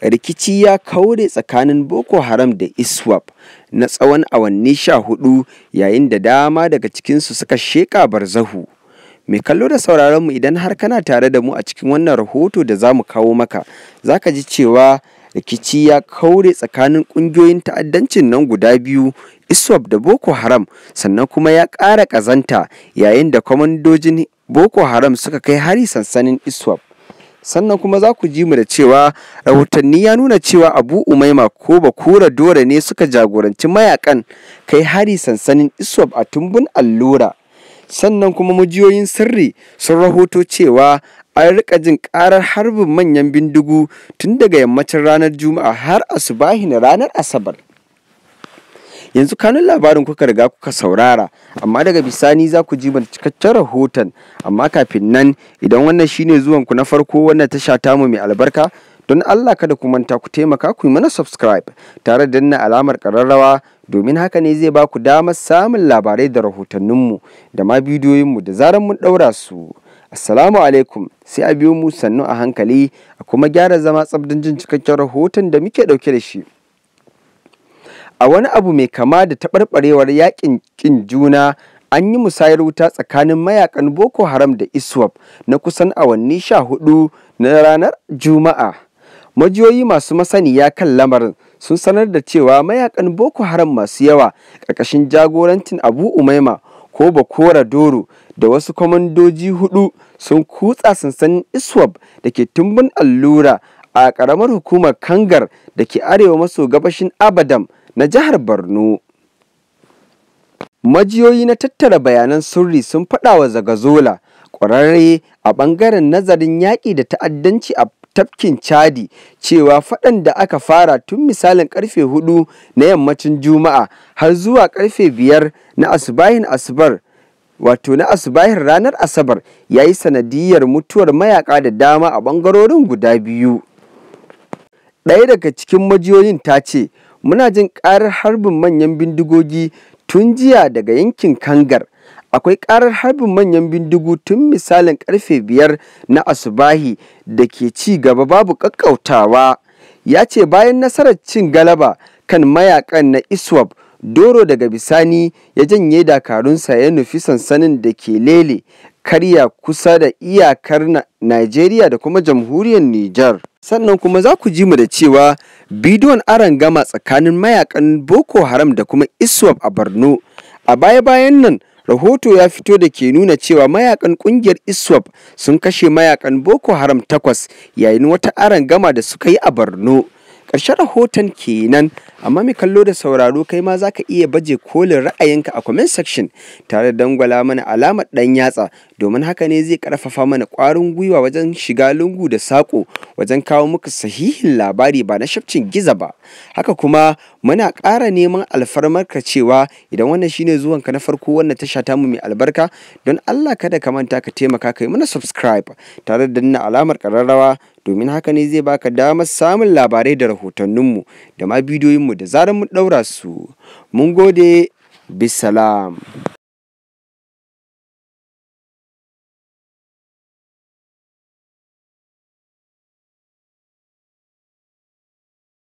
rikici ya kaure tsakanin boko haram da iswap na tsawon awanni sha hudu yayin da dama daga cikinsu suka sheƙa barzahu mai kallo da sauraronmu idan har kana tare da mu a cikin wannan rahoto da za mu kawo maka za ka ji cewa rikici ya kaure tsakanin ƙungiyoyin ta'addancin nan guda biyu iswap da boko haram sannan kuma ya ƙara ƙazanta yayin da kwamandojin boko haram suka kai hari sansanin iswap sannan kuma za ku ji mu da cewa rahotanni ya nuna cewa abu umaima ko bakura dora ne suka jagoranci mayakan kai hari sansanin iswab a tumbun allura sannan kuma mujiyoyin sirri sun rahoto cewa an rika jin karar harbin manyan bindigu tun daga yammacin ranar juma'a har asubahin ranar asabar yanzu kanun labarin kuka riga kuka saurara amma daga bisani za ku ji cikakken rahoton amma kafin nan idan wannan shine zuwan ku na farko wannan tasha mu mai albarka don Allah kada ku manta ku taimaka ku yi mana subscribe tare da danna alamar kararrawa domin haka ne zai ba ku damar samun labarai da rahotanninmu da ma bidiyoyinmu da zarar mun daura su. Assalamu alaikum sai a biyo mu sannu a hankali a kuma gyara zama tsabdin jin cikakken rahoton da muke dauke da shi. a wani abu mai kama da taɓarɓarewar yaƙin ƙin juna an yi musayar wuta tsakanin mayakan boko haram da iswap na kusan awanni sha hudu na ranar juma'a majiyoyi masu masaniya kan lamarin sun sanar da cewa mayakan boko haram masu yawa ƙarƙashin jagorancin abu umaima ko bakora doro da wasu kwamandoji hudu sun kutsa sansanin iswap da ke tumbin allura a ƙaramar hukumar kangar da ke arewa maso gabashin abadam na jihar Borno. Majiyoyi na tattara bayanan sirri sun faɗa wa Zagazola ƙwararre a ɓangaren nazarin yaƙi da ta'addanci a tafkin Chadi cewa faɗan da aka fara tun misalin ƙarfe hudu na yammacin Juma'a har zuwa ƙarfe biyar na asubahin Asubar wato na asubahin ranar Asabar ya yi sanadiyar mutuwar mayaƙa da dama a ɓangarorin guda biyu. Ɗaya daga cikin majiyoyin ta ce, muna jin karar harbin manyan bindigogi tun jiya daga yankin kangar akwai karar harbin manyan bindigu tun misalin karfe biyar na asubahi da ke ci gaba babu kakkautawa ya ce bayan nasarar cin galaba kan mayakan na iswap doro daga bisani ya janye dakarunsa ya nufi sansanin da ke lele karya kusa da iyakar Najeriya da kuma jamhuriyar Nijar. Sannan kuma za ku ji mu da cewa bidiyon aron gama tsakanin mayakan Boko Haram da kuma ISWAP a Borno. A baya-bayan nan rahoto ya fito da ke nuna cewa mayakan kungiyar ISWAP sun kashe mayakan Boko Haram takwas yayin wata aron gama da suka yi a Borno. Ƙarshen rahoton kenan, amma mai kallo da sauraro kai ma za ka iya baje kolin ra'ayinka a comment section tare da dangwala mana alamar ɗan yatsa domin haka ne zai ƙarfafa mana ƙwarin gwiwa wajen shiga lungu da saƙo wajen kawo muku sahihin labari ba na shafcin giza ba haka kuma muna ƙara neman alfarmarka cewa idan wannan shine ka na farko wannan tasha ta mu mai albarka don Allah kada ka manta ka taimaka kai mana subscribe tare da nuna alamar ƙararrawa domin haka ne zai baka damar samun labarai da rahotannin mu da ma mu da zarar mu ɗaura su mun gode bisalam